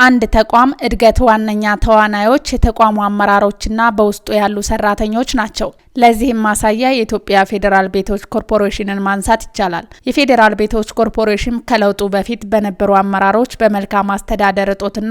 የአንድ ተቋም እድገት ዋነኛ ተዋናዮች የተቋሙ አመራሮችና በውስጡ ያሉ ሰራተኞች ናቸው። ለዚህም ማሳያ የኢትዮጵያ ፌዴራል ቤቶች ኮርፖሬሽንን ማንሳት ይቻላል። የፌዴራል ቤቶች ኮርፖሬሽን ከለውጡ በፊት በነበሩ አመራሮች በመልካም አስተዳደር እጦትና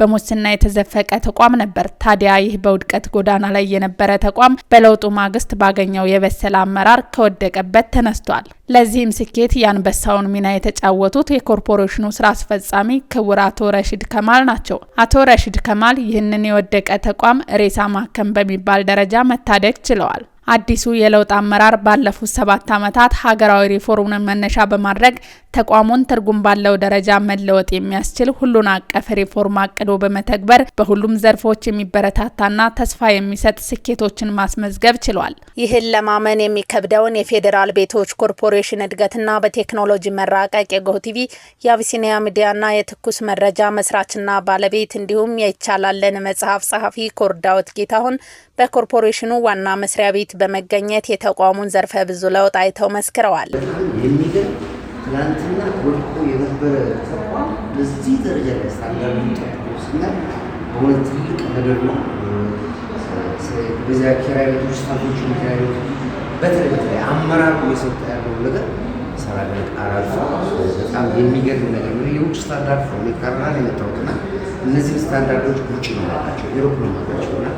በሙስና የተዘፈቀ ተቋም ነበር። ታዲያ ይህ በውድቀት ጎዳና ላይ የነበረ ተቋም በለውጡ ማግስት ባገኘው የበሰለ አመራር ከወደቀበት ተነስቷል። ለዚህም ስኬት የአንበሳውን ሚና የተጫወቱት የኮርፖሬሽኑ ስራ አስፈጻሚ ክቡር አቶ ረሽድ ከማል ናቸው። አቶ ረሽድ ከማል ይህንን የወደቀ ተቋም ሬሳ ማከም በሚባል ደረጃ መታደግ ችለዋል። አዲሱ የለውጥ አመራር ባለፉት ሰባት ዓመታት ሀገራዊ ሪፎርምን መነሻ በማድረግ ተቋሙን ትርጉም ባለው ደረጃ መለወጥ የሚያስችል ሁሉን አቀፍ ሪፎርም አቅዶ በመተግበር በሁሉም ዘርፎች የሚበረታታና ተስፋ የሚሰጥ ስኬቶችን ማስመዝገብ ችሏል። ይህን ለማመን የሚከብደውን የፌዴራል ቤቶች ኮርፖሬሽን እድገትና በቴክኖሎጂ መራቀቅ የጎቲቪ የአቢሲኒያ ሚዲያና የትኩስ መረጃ መስራችና ባለቤት እንዲሁም የይቻላለን መጽሐፍ ጸሐፊ ኮርዳውት ጌታሁን በኮርፖሬሽኑ ዋና መስሪያ ቤት ቤት በመገኘት የተቋሙን ዘርፈ ብዙ ለውጥ አይተው መስክረዋል። የሚገርም ወድቆ የነበረ ተቋም በዚህ ደረጃ ላይ ስታንዳርዱን ጠብቆ ትልቅ ነገር ነው። በዚያ ኪራይ ቤቶች ስታፎች ኪራይ ቤቶች በተለይ በተለይ ያለው ነገር ሰራ በጣም የሚገርም ነገር ነው። የውጭ ስታንዳርድ ነው እነዚህ ስታንዳርዶች ውጭ ነው ነው እና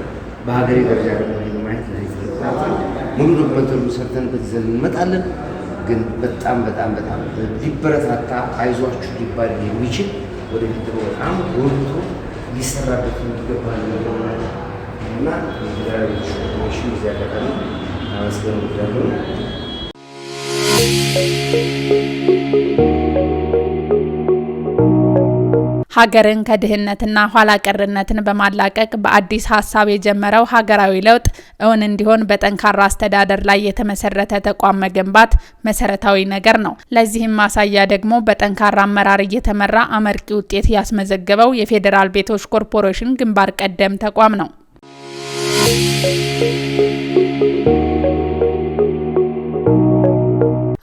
በሀገሬ ደረጃ ደግሞ ሙሉ ድኩመንቱን ሰርተንበት ይዘን እንመጣለን። ግን በጣም በጣም በጣም ሊበረታታ አይዟችሁ ሊባል የሚችል ወደፊት ደግሞ በጣም ጎልቶ ሊሰራበት የሚገባ ነገር እና ሽን ጊዜ አጋጣሚ አመስገን ወዳለሁ። ሀገርን ከድህነትና ኋላ ቀርነትን በማላቀቅ በአዲስ ሀሳብ የጀመረው ሀገራዊ ለውጥ እውን እንዲሆን በጠንካራ አስተዳደር ላይ የተመሰረተ ተቋም መገንባት መሰረታዊ ነገር ነው። ለዚህም ማሳያ ደግሞ በጠንካራ አመራር እየተመራ አመርቂ ውጤት ያስመዘገበው የፌዴራል ቤቶች ኮርፖሬሽን ግንባር ቀደም ተቋም ነው።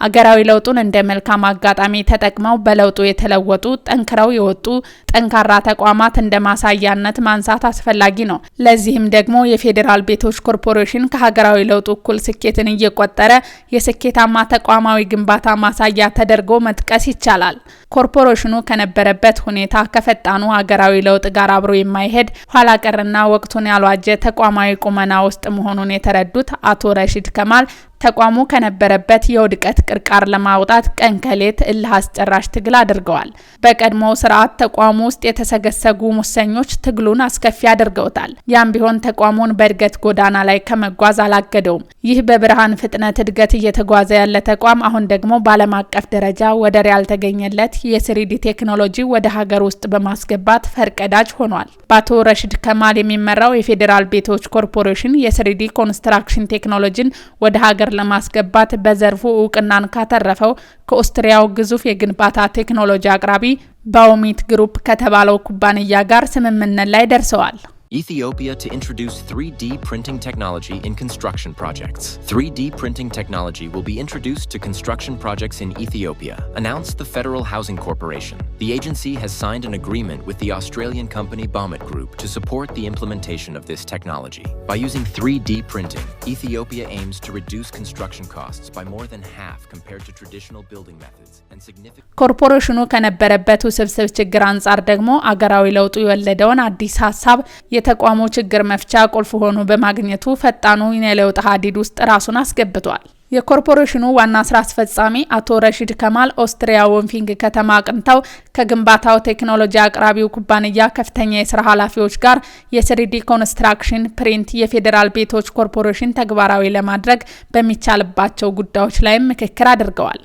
አገራዊ ለውጡን እንደ መልካም አጋጣሚ ተጠቅመው በለውጡ የተለወጡ ጠንክረው የወጡ ጠንካራ ተቋማት እንደ ማሳያነት ማንሳት አስፈላጊ ነው። ለዚህም ደግሞ የፌዴራል ቤቶች ኮርፖሬሽን ከሀገራዊ ለውጡ እኩል ስኬትን እየቆጠረ የስኬታማ ተቋማዊ ግንባታ ማሳያ ተደርጎ መጥቀስ ይቻላል። ኮርፖሬሽኑ ከነበረበት ሁኔታ ከፈጣኑ ሀገራዊ ለውጥ ጋር አብሮ የማይሄድ ኋላ ቀርና ወቅቱን ያልዋጀ ተቋማዊ ቁመና ውስጥ መሆኑን የተረዱት አቶ ረሺድ ከማል ተቋሙ ከነበረበት የውድቀት ቅርቃር ለማውጣት ቀንከሌት ከሌት እልህ አስጨራሽ ትግል አድርገዋል። በቀድሞ ስርዓት ተቋሙ ውስጥ የተሰገሰጉ ሙሰኞች ትግሉን አስከፊ አድርገውታል። ያም ቢሆን ተቋሙን በእድገት ጎዳና ላይ ከመጓዝ አላገደውም። ይህ በብርሃን ፍጥነት እድገት እየተጓዘ ያለ ተቋም አሁን ደግሞ በዓለም አቀፍ ደረጃ ወደር ያልተገኘለት የስሪዲ ቴክኖሎጂ ወደ ሀገር ውስጥ በማስገባት ፈርቀዳጅ ሆኗል። በአቶ ረሽድ ከማል የሚመራው የፌዴራል ቤቶች ኮርፖሬሽን የስሪዲ ኮንስትራክሽን ቴክኖሎጂን ወደ ሀገር ለማስገባት በዘርፉ እውቅናን ካተረፈው ከኦስትሪያው ግዙፍ የግንባታ ቴክኖሎጂ አቅራቢ ባውሚት ግሩፕ ከተባለው ኩባንያ ጋር ስምምነት ላይ ደርሰዋል። Ethiopia to introduce 3D printing technology in construction projects. 3D printing technology will be introduced to construction projects in Ethiopia, announced the Federal Housing Corporation. The agency has signed an agreement with the Australian company Bomit Group to support the implementation of this technology. By using 3D printing, Ethiopia aims to reduce construction costs by more than half compared to traditional building methods and significant ኮርፖሬሽኑ ከነበረበት ውስብስብ ችግር አንጻር ደግሞ አገራዊ ለውጡ የወለደውን አዲስ ሀሳብ የተቋሙ ችግር መፍቻ ቁልፍ ሆኖ በማግኘቱ ፈጣኑ የለውጥ ሀዲድ ውስጥ ራሱን አስገብቷል። የኮርፖሬሽኑ ዋና ስራ አስፈጻሚ አቶ ረሺድ ከማል ኦስትሪያ ወንፊንግ ከተማ አቅንተው ከግንባታው ቴክኖሎጂ አቅራቢው ኩባንያ ከፍተኛ የስራ ኃላፊዎች ጋር የስሪዲ ኮንስትራክሽን ፕሪንት የፌዴራል ቤቶች ኮርፖሬሽን ተግባራዊ ለማድረግ በሚቻልባቸው ጉዳዮች ላይም ምክክር አድርገዋል።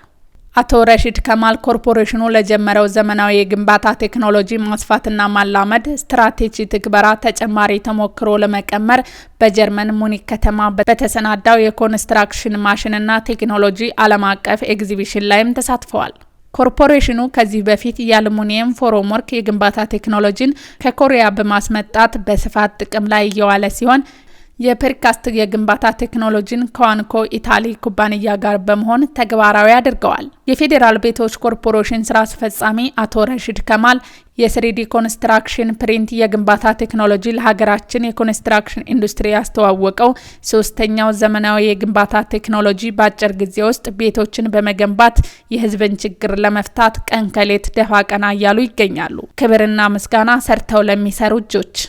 አቶ ረሺድ ከማል ኮርፖሬሽኑ ለጀመረው ዘመናዊ የግንባታ ቴክኖሎጂ ማስፋትና ማላመድ ስትራቴጂ ትግበራ ተጨማሪ ተሞክሮ ለመቀመር በጀርመን ሙኒክ ከተማ በተሰናዳው የኮንስትራክሽን ማሽንና ቴክኖሎጂ ዓለም አቀፍ ኤግዚቢሽን ላይም ተሳትፈዋል። ኮርፖሬሽኑ ከዚህ በፊት የአልሙኒየም ፎረም ወርክ የግንባታ ቴክኖሎጂን ከኮሪያ በማስመጣት በስፋት ጥቅም ላይ እየዋለ ሲሆን የፐርካስት የግንባታ ቴክኖሎጂን ከዋንኮ ኢታሊ ኩባንያ ጋር በመሆን ተግባራዊ አድርገዋል። የፌዴራል ቤቶች ኮርፖሬሽን ስራ አስፈጻሚ አቶ ረሽድ ከማል የስሪዲ ኮንስትራክሽን ፕሪንት የግንባታ ቴክኖሎጂ ለሀገራችን የኮንስትራክሽን ኢንዱስትሪ ያስተዋወቀው ሶስተኛው ዘመናዊ የግንባታ ቴክኖሎጂ በአጭር ጊዜ ውስጥ ቤቶችን በመገንባት የሕዝብን ችግር ለመፍታት ቀን ከሌት ደፋ ቀና እያሉ ይገኛሉ። ክብርና ምስጋና ሰርተው ለሚሰሩ እጆች